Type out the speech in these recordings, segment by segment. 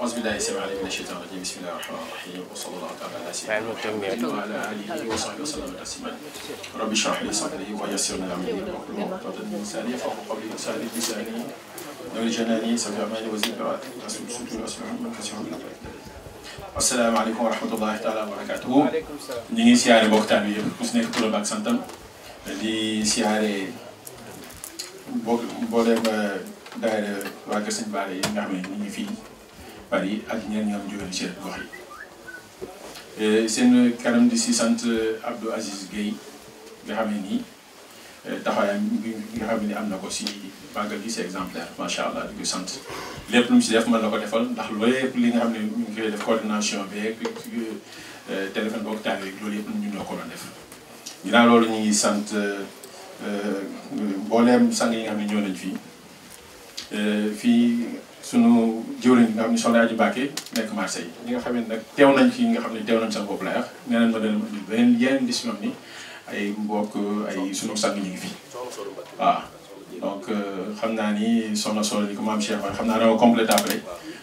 auzubillahi sami alim min asheytan rajim bismillahi rahmani rahim wa sallallahu taala ala sayyidina wa ala alihi wa sahbihi wa sallam tasliman rabbi shrah li sadri wa yassir li amri wahlul uqdatan min lisani yafqahu qawli sadri lisani nawwir janani sami amani wa zid barat rasul sutur asmahu man kasiru min assalaamu aleykum wa rahmatullahi taala wa barakatuhu ñu ngi siyaare mboktaan bi yëpp ku si nekk turam ak santam di siyaare boo booleem daayira waa kër sëñ Baare yi nga xam ne ñu ngi fii yi ak ñenn ñoom jóge ci eh, seen kanam di si sant eh, Abdou Aziz Guèye nga xam ne nii eh, taxawaayam bi nga xam ne am na ko si màggal gi c'est exemplaire macha allah di ko sant lépp lu mu si def ko defal ndax loolu yëpp li nga xam ne ñu ngi koy def coordination beeg téléphone boog loolu yëpp ñun ñoo ko doon def ginnaaw loolu ñu ngi sant mbooleem sang yi nga xam ne ñoo nañ fii fii. sunu jëwriñ nga xam ne soxna Aji Bakke nekk Marseille ñi nga xam ne nag teew nañ fi nga xam ne teew nañ seen bopp lay wax nee nañ ma dana ma indi beneen yeneen gis ay mbokk ay sunu ñu ngi fi waaw donc euh, xam naa ni soxna solo ni ko maam xam naa dama complété après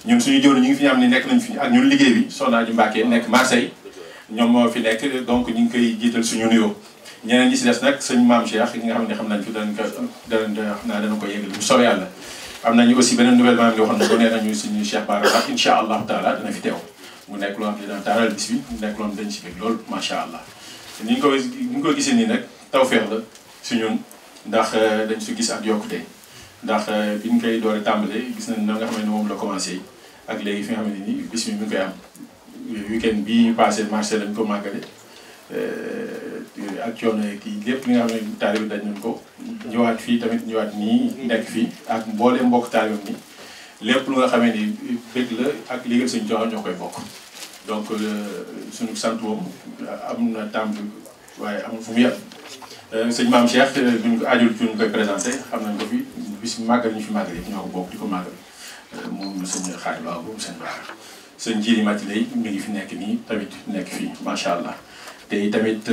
ñun suñu jëwriñ ñu ngi fi ñu nekk nañ fi ak ñun liggéey bi soxna Aji Bakke nekk Marseille ñoom moo fi nekk donc ñu ngi koy jiital suñu nuyoo ñeneen ñi si des nag sëñ maam Cheikh ñi nga xam ne xam nañ fi xam naa dana ko yëgal bu yàlla am nañu aussi beneen nouvelle maam yoo xam ne bu nee nañu suñu Cheikh Bara Dolly allahu taala dina fi teew mu nekk loo xam ne dina taaral bis bi mu nekk loo xam ne dañ si lool macha allah ni ñu ko ni ñu ko gisee nii nag tawféex la si ñun ndax euh, dañ si gis ak yokkute ndax euh, bi ñu koy door a gis nañ na nga xam ne ak léegi fi nga xam ne nii bis mi mi ngi koy am weekend bii passé marché lañ ko màggale euh, ak coono kii lépp li nga xam ne taalibe bi daj ko mm-hmm. ñëwaat fii tamit ñëwaat nii nekk fii mbooleem mbokk taalibeem ni lépp lu nga xamee ni bëgg la ak liggéey suñu joxoon ñoo koy bokk donc euh, suñu sant moom am na tàmb waaye amul fu mu yàgg euh, sëñ maam Cheikh duñ euh, ko ajul ci ñu koy présenté xam nañ ko fi bis màggal ñu fi màggal yëpp ñoo ko ngi fi nekk nii tamit nekk fii macha allah te tamit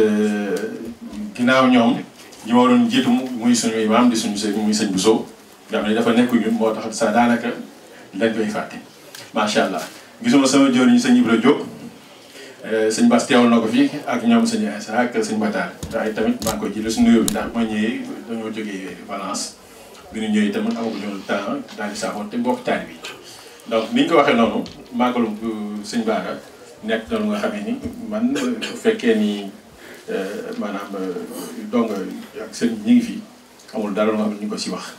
ginnaaw ñoom ñi ma waroon jiitu muy suñu imaam di suñu sëñ dama ne dafa nekk moo tax saa daanaka dañ koy fàtte macha allah gisuma sama jëriñ sëñ Ibra Diop eh, sëñ Bass teewal na ko fii ak ñoom sëñ Issa ak sëñ Bataar waaye tamit maa ngi koy jëlee suñu nuyoo bi ndax ma ñëwee dañoo jógee Valence bi ñu ñëwee tamit amaguñu temps daal di saafoon te mbokk taal bi donc ni ñu ko waxee noonu màggalu euh, sëñ Bara nekk noonu nga xam ni man fekkee ni euh, maanaam euh, dong ak ngi fii amul dara loo xam ne ñu ko si wax.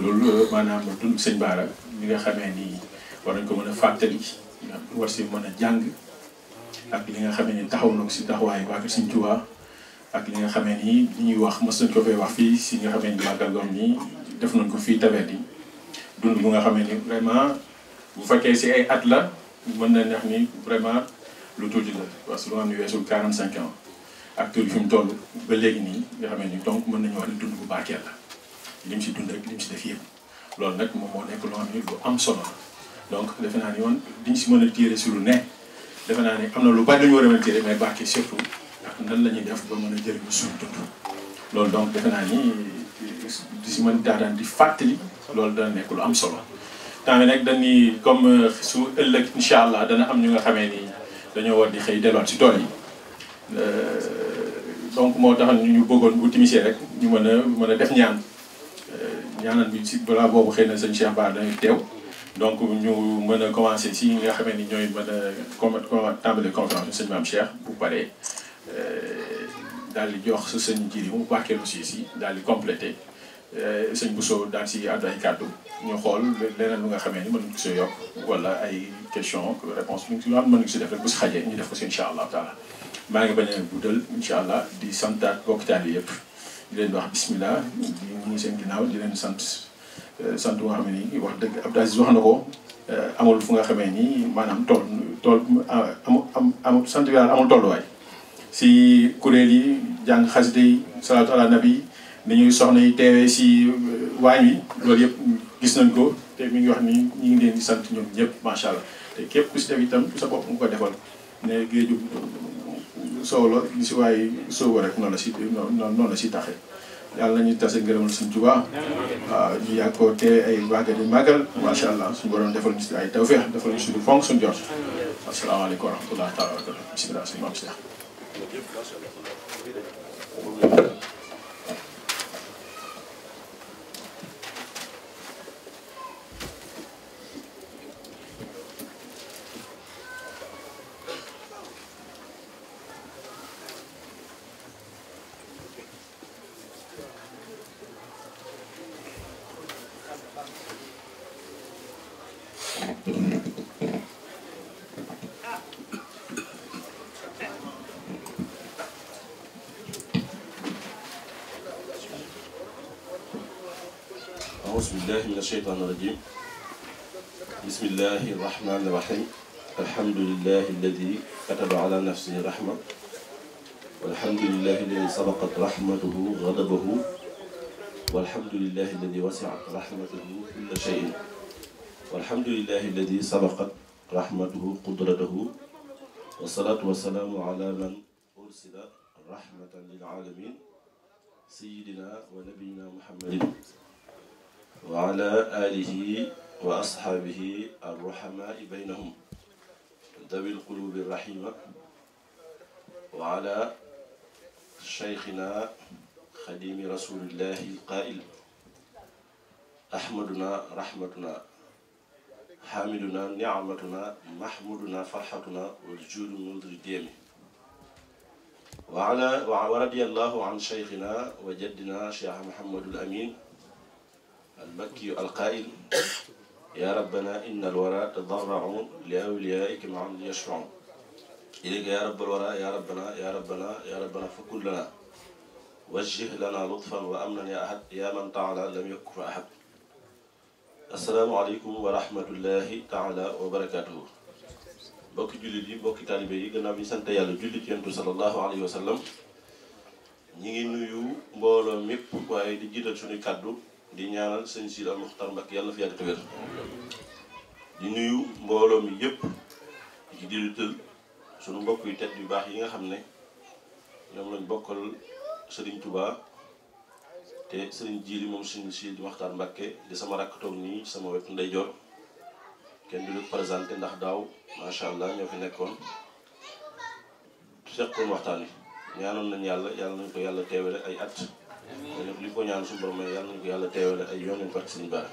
loolu maanaam dund sëñ Baara ñi nga xamee nii war nañ ko mën a fàttali war si mën a jàng ak li nga xamee ni taxaw na ko si taxawaayu waa kër ak li nga xamee ni li ñuy wax mos nañ ko wax fii si nga xamee ni màggal goom nii def nañ ko fii tawet yi dund bu nga xamee ni vraiment bu fekkee si ay at la mën na neex ni vraiment lu tuuti la parce que lu am ni weesul 45 ans ak tur fi mu toll ba léegi nii nga xamee ni donc mën nañu wax ni dund bu barkeel la li mu si dund ak li si def yëpp loolu nag moom moo nekk loo lu am solo donc defe naa ni woon diñ si mën a tiire si lu ne defe naa ni am na lu bari lu ñu war a mën a tiire mais barke surtout ak nan la ñuy def ba mën a jëriñu suñu dund donc defe naa ni di si mën daadaan di fàttali loolu dana nekk lu am solo temps bi nag dañuy comme euh, su ëllëg incha allah dana am ñu nga xamee ni dañoo war di xëy delluwaat si tool yi euh, donc moo tax ñu bëggoon bu timisee rek ñu mën a mën a def ñaan ñaanal ñu si balaa boobu xëy na sëñ Cheikh Ba dañuy teew donc ñu mën a commencé si ñi nga xamee ni ñooy mën a com tàmbali conférence bi sëñ Mame Cheikh bu paree euh, daal di jox sa sëñ ji mu barkeelu si si daal di complété euh, sëñ Bousso daal si àddu ay kàddu ñu xool leneen lu nga xamee ni mën nañu ko yokk wala ay question réponse bi nga xam mën nañu si def rek bu si xajee ñu def ko si incha allah taala maa ngi bañ a guddal incha allah di santaat bokkitaan yi yëpp. di leen wax bismillah ñu ngi seen ginnaaw di leen sant euh, sant bu nga xam ne wax dëgg Abdou wax na ko euh, amul fu nga xamee ni maanaam tool tool amul amul sant bi yàlla amul tolluwaay si kuréel yi jàng xasida yi salaatu ala nabi ni ñuy soxna yi teewee si euh, waañ wi loolu yëpp gis nañ ko te mi ngi wax ni ñu ngi leen sant ñoom ñëpp macha allah te képp ku yi tam itam sa bopp nga ko defal ne géeju soow la li si waay soow rek noonu la si si taxe yàlla nañu tase ngërëmal suñ Tuubaa waaw ñu yàgg koo tee ay màggal di màggal macha allah suñu borom defal ñu si ay tawféex defal ñu si lu fonk suñu jot asalaamaaleykum wa rahmatulah taala wa barakatu bisimilah suñu maam Cheikh أعوذ بالله من الشيطان الرجيم بسم الله الرحمن الرحيم الحمد لله الذي كتب على نفسه الرحمة والحمد لله الذي سبقت رحمته غضبه والحمد لله الذي وسعت رحمته كل شيء walhamdulillahi alladi sabaqat rahmatuhu qudratahu wasalaatu wasalaamu ala man ursila rahmatan lil alamin sayidina wa nabiyina muhammadin wa ala alihi wa ashaabihi arrahamai baynahum dawi lqulubi rahima wa ala cheikhina xadimi rasulillahi alqail ahmaduna rahmatuna hamiduna niamatuna mahmuduna farhatuna wal juudu mundri deemi waala wa radiyallahu an cheikhina wa jaddina cheikh mahamadul amin almakkiyu alqail ya rabbana inna alwara tadarraun li awliyaika maan yashfaun ilayka ya rabbal wara ya rabbana ya rabbana ya rabbana fakun lana wajjih lana lutfan wa amnan ya ahad ya man taala lam yakun ahad asalaamaaleykum wa rahmatullahi taala wa barakaatuhu mbokki jullit yi mbokki taalibe yi gannaaw bi sant yàlla jullit yentu sallallahu alayhi wa sallam ñi ngi nuyu mbooloom mépp di jiital suñu kàddu di ñaanal sëñ Sidy Mokhtar Mbacké yàlla na fi yàgg te di nuyu mbooloo mi yépp ci jiital suñu mbokk yu tedd yu baax yi nga xam ne ñoom lañ bokkal Sëriñ Tuubaa te sëriñ Jili moom suñu si waxtaan Mbàkke di sama rakk toog nii sama wet ndeyjoor kenn du lu présenté ndax daaw macha allah ñoo fi nekkoon seqoon waxtaan wi ñaanoon nañ yàlla yàlla nañ ko yàlla teewale ay at dañu li ko ñaan su borom yàlla nañ yàlla teewale ay yoon nañ park sëriñ Bara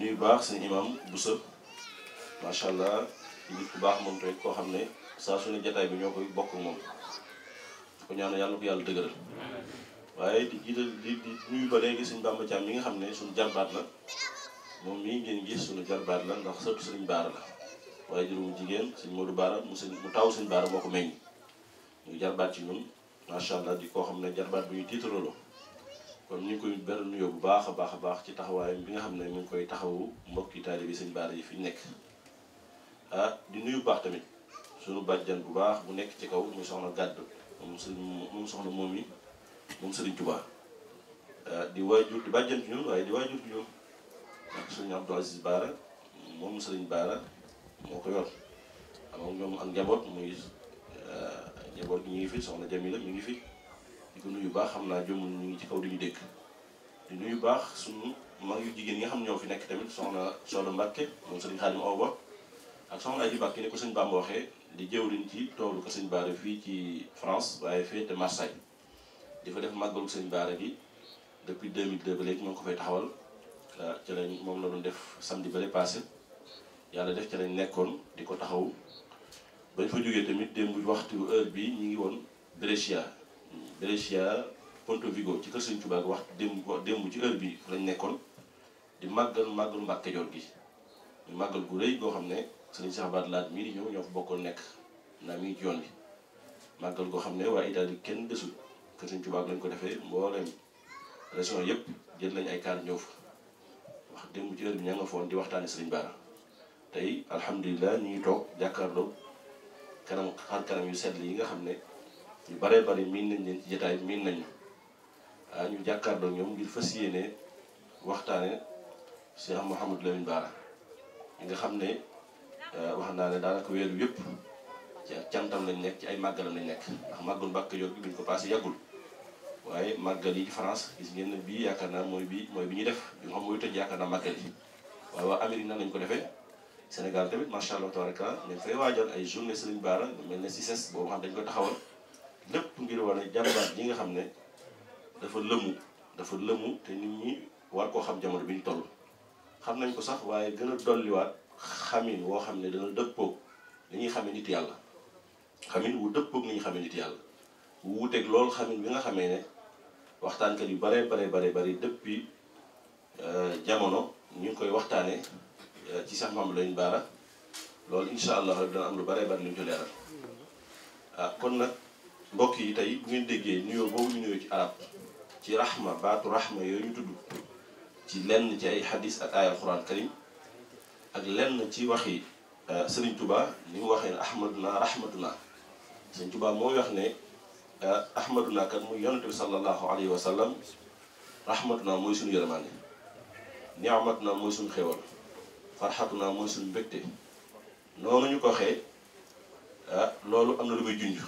ñuy baax sëriñ imam Bousso macha allah nit ku baax moom tamit koo xam ne saa su ne jataay bi ñoo koy bokk moom ko ñaan yàlla ko yàlla dëgëral waaye di jiital di di nuyu ba léegi sëñ Bamba Thiam mi nga xam ne suñu jarbaat la moom mii ngeen gis suñu jarbaat la ndax sëtu sëñ Baara la waaye juróom jigéen sëñ Modou Baara mu sëñ mu taw sëñ Baara moo ko meññ ñu jarbaat ci ñun macha allah di koo xam ne jarbaat bu ñu tiitaloo kon ñu ngi koy beral nuyoo bu baax a baax a baax ci taxawaayam bi nga xam ne mi ngi koy taxawu mbokki taalibe bi sëñ Baara yi fi ñu nekk ah di nuyu bu baax tamit suñu bàjjan bu baax bu nekk ci kaw muy soxna gàdd moom sëñ moom soxna moom yi moom Serigne Touba euh, di waajur di bàjjanti ñoom waaye di waajur ñoom ak Serigne moom Serigne Baara moo ko ñoom ak njaboot muy euh, njaboot gi ñu ngi fi soxna Jamila ñu ngi fi di ko nuyu baax xam naa jomul ñu ngi ci kaw di ñu dégg di nuyu baax suñu mag yu jigéen yi nga xam ñoo fi nekk tamit soxna Soxna Mbàkke moom Serigne Xaadim Awa ak soxna Aji Mbàkke ni ko sëñ Bamba waxee di jëwriñ ci toolu ko sëñ Baara fii ci France waaye fii te Marseille di fa def màggalu sëñ Baara gi depuis 2002 ba léegi ñoo ko fay taxawal euh, ci moom la doon def samedi bële passé yàlla def ci nekkoon di ko taxaw bañ fa jógee tamit démb waxtu heure bi ñu ngi woon Brescia Brescia Ponte Vigo ci kër sëñ Tuubaa ak waxtu démb démb ci heure bi lañ nekkoon di màggal màggalu Mbàkke Kajoor gi di màggal gu rëy goo xam ne sëriñ Cheikh Bara Lahat mii di ñëw ñoo fa bokkoon nekk naa mi ngi ci yoon bi màggal goo xam ne waa Italie kenn desul kër Sëñ Tuubaa lañ ko defee mbooleem région yëpp jël nañ ay kaan ñëw fa wax démb ci heure bi ña nga foon di waxtaane Sëriñ tey alhamdulilah ñu ngi toog jàkkaarloo kanam xar kanam yu yi nga xam ne ñu baree bari miin nañ leen ci jotaay miin nañ ah ñu jàkkaarloo ñoom ngir fas yéene waxtaane Cheikh Mouhamadou Lamine Bara yi nga xam ne ah, wax naa ne daanaka weeru yëpp ci ak cantam lañ nekk ci ay màggalam lañ nekk ndax màggoon Mbàkke Kajoor bi ñu ko paase yàggul waaye màggal yi France gis ngeen ne bii yaakaar naa mooy bi mooy bi ñu def bi nga xam mooy tëj yaakaar naa màggal yi waaye waa Amérique ko defee Sénégal tamit macha allah rek dañ fay waajal ay journée Serigne Bara mel ne CICES boobu xam dañ ko taxawal lépp ngir wane jàmbaar yi nga xam ne dafa lëmu dafa lëmu te nit ñi war koo xam jamono bi ñu toll xam nañ ko sax waaye gën a dolliwaat xamin woo xam ne dana dëppoog li ñuy xamee nit yàlla xamin wu dëppoog ni ñuy xamee nit yàlla wu wuuteeg loolu xamin bi nga xamee ne waxtaan waxtaankat yu bare bare bare bëri depuis euh, jamono ñu ngi koy waxtaanee euh, ci sax maam lañu baara loolu incha allah rek dana am lu bare bari lu ñu ah, kon nag mbokk yi tey bu ngeen déggee nuyoo boobu ñu nuyoo ci arab ci rahma baatu rahma yooyu ñu tudd ci lenn ci ay xadis ak ay alquran karim ak lenn ci waxi euh, Serigne Touba ni mu waxee ne ahmaduna rahmatuna Serigne Touba mooy wax ne. Eh, ahmaduna kan muy yonente bi sallallahu alayhi wa sallam rahmatuna mooy suñu yërmaande niamatuna mooy suñu xéwal farxatuna mooy suñu mbégte noonu ñu ko waxee eh, loolu am na lu muy junj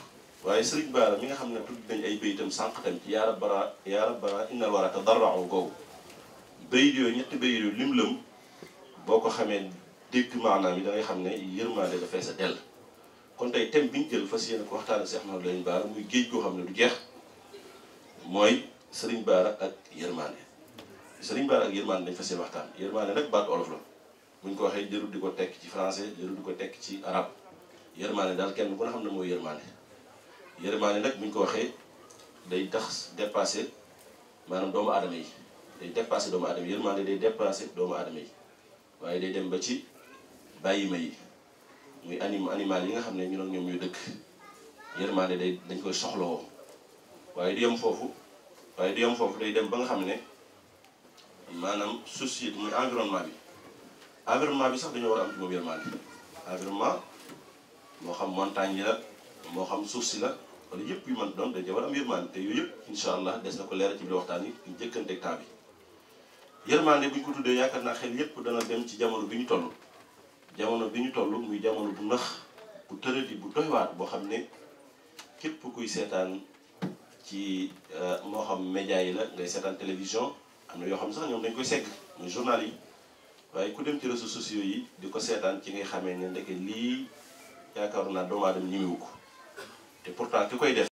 waaye sëriñ Baara mi nga xam ne tudd nañ ay béytam sànq tam ci yaa rabbana yaa rabbana innal wara tadarra'u googu béyit yooyu ñetti béyit lim lëm boo ko xamee dégg maanaam yi da xam ne yërmaande dafay sa dell kon tey thème bi ñu jël fas yéene ko waxtaane Cheikh Mouhamadou Lamine Bara muy géej goo xam ne du jeex mooy Serigne Bara ak Yermande sëriñ baar ak Yermande dañ fas yéene waxtaan Yermande nag baat olof la bu ñu ko waxee jërul di ko tekk ci français jërul di ko tekk ci arabe Yermande daal kenn ku ne xam ne mooy Yermande Yermande nag bu ñu ko waxee day tax dépassé maanaam doomu aadama yi day dépassé doomu aadama yi Yermande doomu aadama waaye day dem ba ci bàyyima yi muy anim animal yi nga xam ne ñu nag ñoom ñu dëkk yërmaande day dañ koy soxlawoo waaye du yem foofu waaye du yem foofu day dem ba nga xam ne maanaam société muy environnement bi environnement bi sax dañoo war a am ci moo xam montagne la moo xam suuf si la wala yëpp yu man doon dañ war a am yërmaande te yooyu yëpp incha allah des na ko leeral ci biir waxtaan yi ñu jëkkanteeg temps bi yërmaande bu ñu ko tuddee yaakaar naa xel yëpp dana dem ci jamono bi ñu toll jamono bi ñu toll muy jamono bu nax bu tëradi bu doywaat boo xam ne képp kuy seetaan ci euh, moo xam média yi la ngay seetaan télévision am na yoo xam ne sax ñoom dañ koy segg muy journal yi waaye ku dem ci réseaux sociaux yi di ko seetaan ci ngay xamee ne ndeke lii yaakaar naa doomu aadama ñemewu ko te pourtant ki koy def